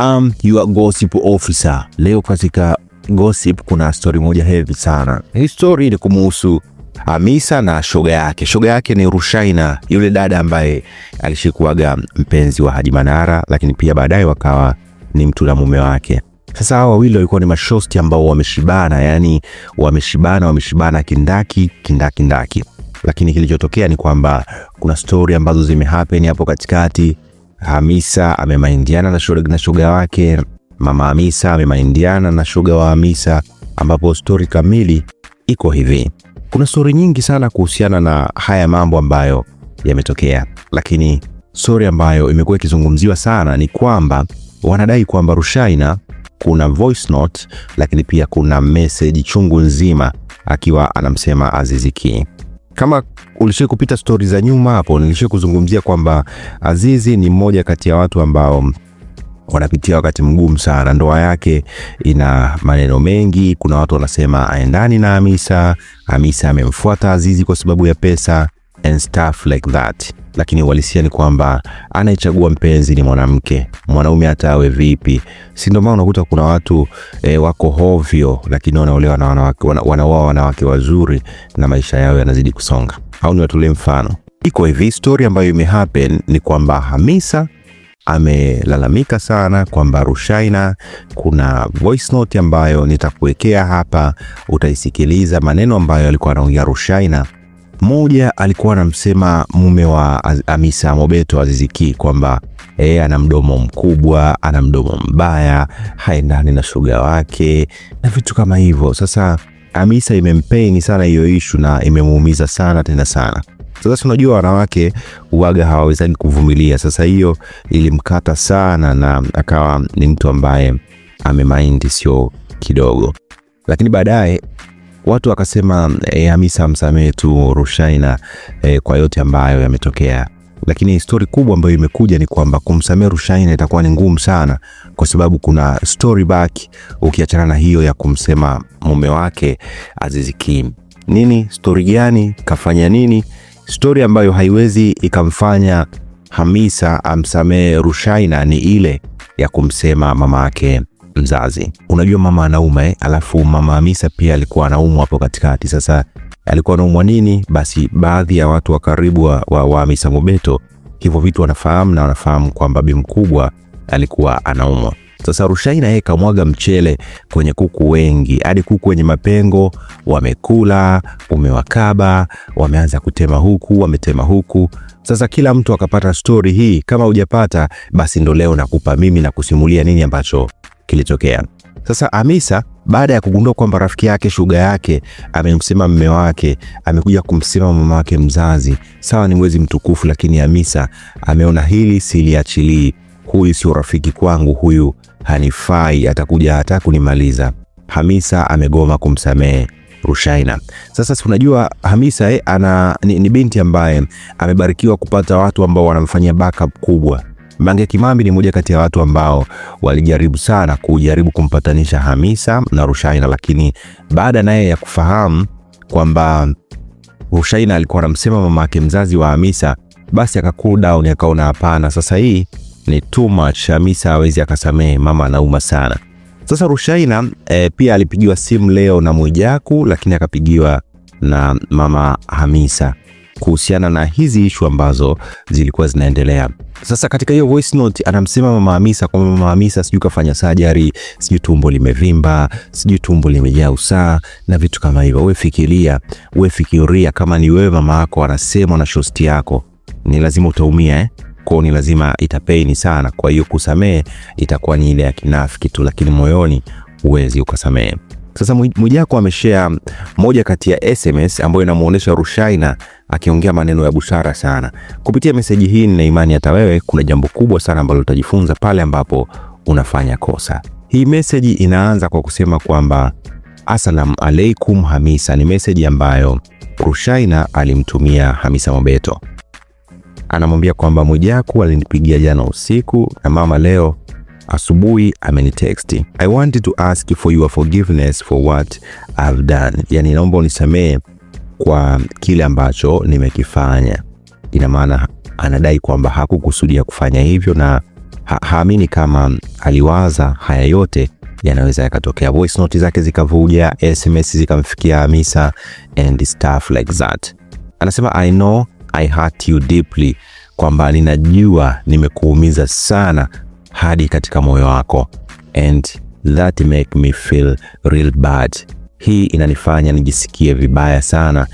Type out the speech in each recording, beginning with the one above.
am um, your gossip officer. Leo katika gossip kuna story moja heavy sana. Hii story ni kumuhusu Hamisa na shoga yake. Shoga yake ni Rushaina, yule dada ambaye alishikuaga mpenzi wa Haji Manara, lakini pia baadaye wakawa ni mtu na mume wake. Sasa hawa wawili walikuwa ni mashosti ambao wameshibana, yani wameshibana, wameshibana kindaki kindaki ndaki, lakini kilichotokea ni kwamba kuna stori ambazo zimehappen hapo katikati Hamisa amemaindiana na shoga, na shoga wake mama Hamisa amemaindiana na shoga wa Hamisa, ambapo stori kamili iko hivi. Kuna stori nyingi sana kuhusiana na haya mambo ambayo yametokea, lakini stori ambayo imekuwa ikizungumziwa sana ni kwamba wanadai kwamba rushaina kuna voice note, lakini pia kuna message chungu nzima akiwa anamsema Aziziki. Kama ulishia kupita stori za nyuma hapo, nilishia kuzungumzia kwamba Azizi ni mmoja kati ya watu ambao wanapitia wakati mgumu sana. Ndoa yake ina maneno mengi. Kuna watu wanasema aendani na Hamisa, Hamisa amemfuata Azizi kwa sababu ya pesa and stuff like that lakini uhalisia ni kwamba anayechagua mpenzi ni mwanamke, mwanaume hata awe vipi. Si ndio maana unakuta kuna watu e, wako hovyo, lakini wanaolewa na wanawake, wanaoa wanawake wazuri na maisha yao yanazidi kusonga. Au niwatolee mfano, iko hivi, story ambayo imehappen ni kwamba Hamisa amelalamika sana kwamba Rushaina, kuna voice note ambayo nitakuwekea hapa, utaisikiliza maneno ambayo alikuwa anaongea Rushaina moja alikuwa anamsema mume wa Hamisa Mobeto Aziziki kwamba e, ana mdomo mkubwa, ana mdomo mbaya, haendani na shuga wake na vitu kama hivyo. Sasa Hamisa imempeni sana hiyo ishu na imemuumiza sana tena sana. Sasa unajua wanawake uwaga hawawezani kuvumilia. Sasa hiyo ilimkata sana, na akawa ni mtu ambaye amemaindi sio kidogo, lakini baadaye watu wakasema e, Hamisa msamehe tu Rushaina e, eh, kwa yote ambayo yametokea, lakini stori kubwa ambayo imekuja ni kwamba kumsamehe Rushaina itakuwa ni ngumu sana, kwa sababu kuna story back, ukiachana na hiyo ya kumsema mume wake Aziz Nini stori gani? Kafanya nini? Stori ambayo haiwezi ikamfanya Hamisa amsamehe Rushaina ni ile ya kumsema mama yake mzazi. Unajua mama anauma eh? Alafu mama Hamisa pia alikuwa anaumwa hapo katikati. Sasa alikuwa anaumwa nini? Basi baadhi ya watu wa karibu wa, wa, wa Hamisa Mobeto hivyo vitu wanafahamu na wanafahamu kwamba bi mkubwa alikuwa anaumwa. Sasa Rushaina yeye kamwaga mchele kwenye kuku wengi, hadi kuku wenye mapengo wamekula, umewakaba, wameanza kutema huku, wametema huku. Sasa kila mtu akapata stori hii. Kama hujapata basi, ndo leo nakupa mimi na kusimulia nini ambacho kilichotokea. Sasa Hamisa baada ya kugundua kwamba rafiki yake shuga yake amemsema mme wake, amekuja kumsema mama wake mzazi. Sawa, ni mwezi mtukufu, lakini Hamisa ameona hili siliachilii. Huyu sio rafiki kwangu, huyu hanifai, atakuja hata kunimaliza. Hamisa amegoma kumsamehe Rushaina. Sasa si unajua Hamisa eh, ana ni, ni binti ambaye amebarikiwa kupata watu ambao wanamfanyia backup kubwa Mange Kimambi ni mmoja kati ya watu ambao walijaribu sana kujaribu kumpatanisha Hamisa na Rushaina, lakini baada naye ya kufahamu kwamba Rushaina alikuwa anamsema mama yake mzazi wa Hamisa, basi aka cool down, akaona hapana, sasa hii ni too much, Hamisa hawezi akasamehe, mama anauma sana. Sasa Rushaina e, pia alipigiwa simu leo na Mwijaku, lakini akapigiwa na mama Hamisa kuhusiana na hizi ishu ambazo zilikuwa zinaendelea. Sasa katika hiyo voice note anamsema mama Hamisa kwa mama Hamisa sijui kafanya sajari, sijui tumbo limevimba, sijui tumbo limejaa usaa na vitu kama hivyo. Wewe fikiria, wewe fikiria kama ni wewe mama yako anasema na shosti yako, ni lazima utaumia eh? Kwa ni lazima itapeini sana. Kwa hiyo kusamehe itakuwa ni ile ya kinafiki tu, lakini moyoni huwezi ukasamehe. Sasa mwijaku ameshare moja kati ya SMS ambayo inamuonesha rushaina akiongea maneno ya busara sana. Kupitia meseji hii, nina imani hata wewe kuna jambo kubwa sana ambalo utajifunza pale ambapo unafanya kosa. Hii meseji inaanza kwa kusema kwamba Asalamu alaikum Hamisa. Ni meseji ambayo rushaina alimtumia Hamisa Mobeto, anamwambia kwamba Mwijaku alinipigia jana usiku na mama, leo asubuhi amenitext. I wanted to ask for your forgiveness for what I've done. Yani, naomba unisamehe kwa kile ambacho nimekifanya. Ina maana anadai kwamba hakukusudia kufanya hivyo na ha haamini kama aliwaza haya yote yanaweza yakatokea. Voice note zake zikavuja, SMS zikamfikia Hamisa and stuff like that. Anasema I know I hurt you deeply, kwamba ninajua nimekuumiza sana hadi katika moyo wako, and that make me feel real bad. Hii inanifanya nijisikie vibaya sana,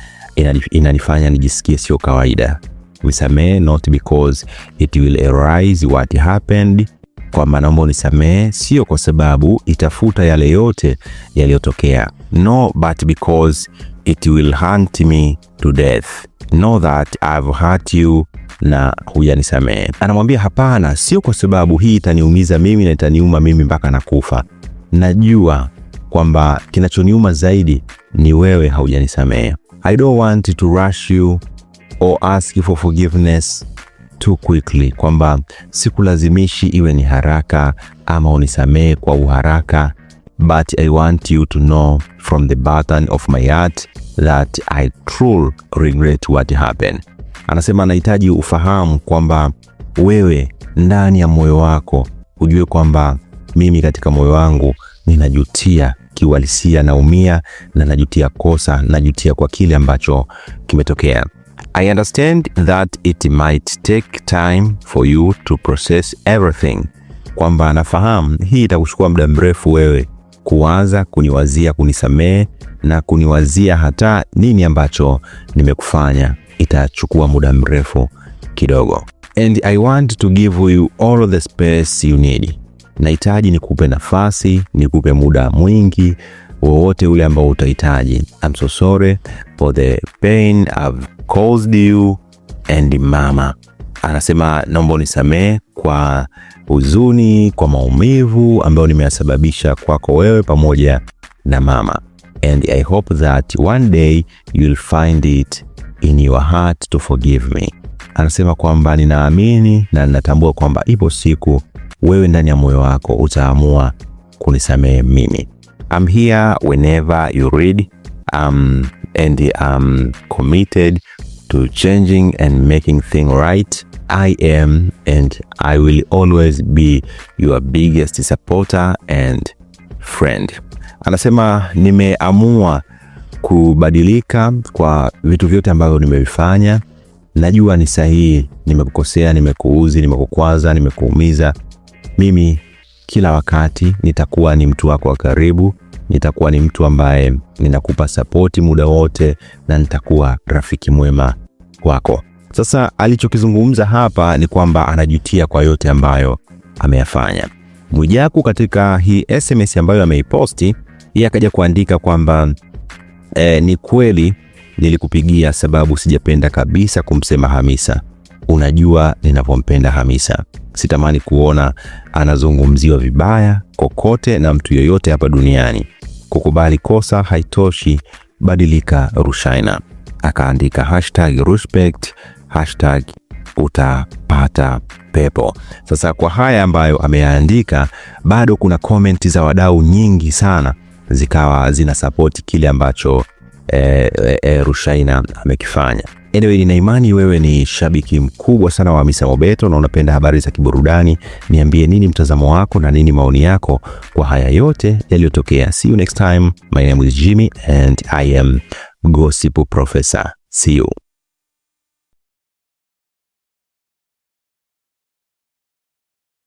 inanifanya nijisikie sio kawaida. Nisamehe, not because it will arise what happened, kwamba naomba unisamehe, sio kwa sababu itafuta yale yote yaliyotokea, no but because it will hunt me to death know that I've hurt you na hujanisamehe. Anamwambia hapana, sio kwa sababu hii itaniumiza mimi na itaniuma mimi mpaka nakufa. Najua kwamba kinachoniuma zaidi ni wewe haujanisamehe. I don't want to rush you or ask for forgiveness too quickly, kwamba sikulazimishi iwe ni haraka ama unisamehe kwa uharaka but I want you to know from the bottom of my heart that I truly regret what happened. Anasema anahitaji ufahamu kwamba wewe ndani ya moyo wako ujue kwamba mimi katika moyo wangu ninajutia kiuhalisia, naumia na najutia kosa, najutia kwa kile ambacho kimetokea. I understand that it might take time for you to process everything, kwamba anafahamu hii itakuchukua muda mrefu wewe kuwaza, kuniwazia, kunisamehe na kuniwazia hata nini ambacho nimekufanya. Itachukua muda mrefu kidogo. And I want to give you all the space you need. Nahitaji nikupe nafasi, nikupe muda mwingi wowote ule ambao utahitaji. I'm so sorry for the pain I've caused you and mama anasema naomba unisamehe kwa huzuni, kwa maumivu ambayo nimeyasababisha kwako wewe pamoja na mama. And I hope that one day you'll find it in your heart to forgive me. Anasema kwamba ninaamini na ninatambua kwamba ipo siku wewe ndani ya moyo wako utaamua kunisamehe mimi. I'm here whenever you read um, and I'm um, committed to changing and making thing right I am and I will always be your biggest supporter and friend. Anasema nimeamua kubadilika kwa vitu vyote ambavyo nimevifanya. Najua ni sahihi, nimekukosea, nimekuuzi, nimekukwaza, nimekuumiza. Mimi kila wakati nitakuwa ni mtu wako wa karibu, nitakuwa ni mtu ambaye ninakupa sapoti muda wote, na nitakuwa rafiki mwema wako. Sasa alichokizungumza hapa ni kwamba anajutia kwa yote ambayo ameyafanya. Mwijaku katika hii SMS ambayo ameiposti, yeye akaja kuandika kwamba e, ni kweli nilikupigia sababu sijapenda kabisa kumsema Hamisa. Unajua ninavyompenda Hamisa, sitamani kuona anazungumziwa vibaya kokote na mtu yoyote hapa duniani. Kukubali kosa haitoshi, badilika Rushaina. Akaandika hashtag respect hashtag utapata pepo. Sasa kwa haya ambayo ameyaandika, bado kuna komenti za wadau nyingi sana zikawa zina sapoti kile ambacho e, e, Rushaina amekifanya. Anyway, nina imani wewe ni shabiki mkubwa sana wa Hamisa Mobeto na unapenda habari za kiburudani. Niambie nini mtazamo wako na nini maoni yako kwa haya yote yaliyotokea. See you next time. My name is Jimmy and I am Gossip Professor. See you.